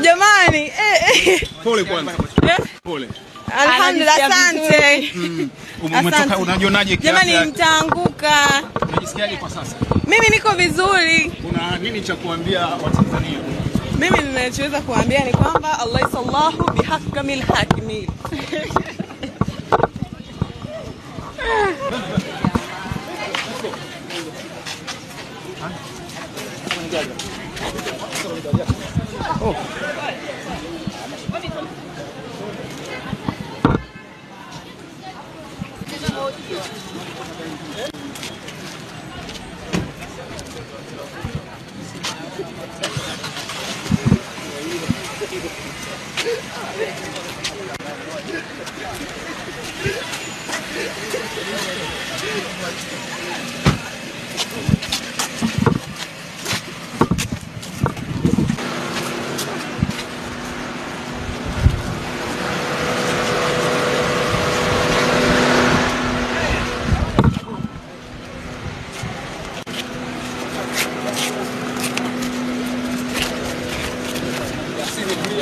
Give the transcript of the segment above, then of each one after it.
Jamani, eh, eh. Pole kwanza. Eh. Pole. Alhamdulillah, mm. asante. Umetoka unajionaje kiasi? Jamani, mtaanguka. Unajisikiaje kwa sasa? Mimi niko vizuri. Una nini cha kuambia Watanzania? Mimi ninachoweza kuambia ni kwamba Allah sallahu bihakamil hakimi Oh. Thank you.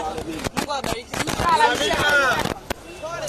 Não gosto, não gosto.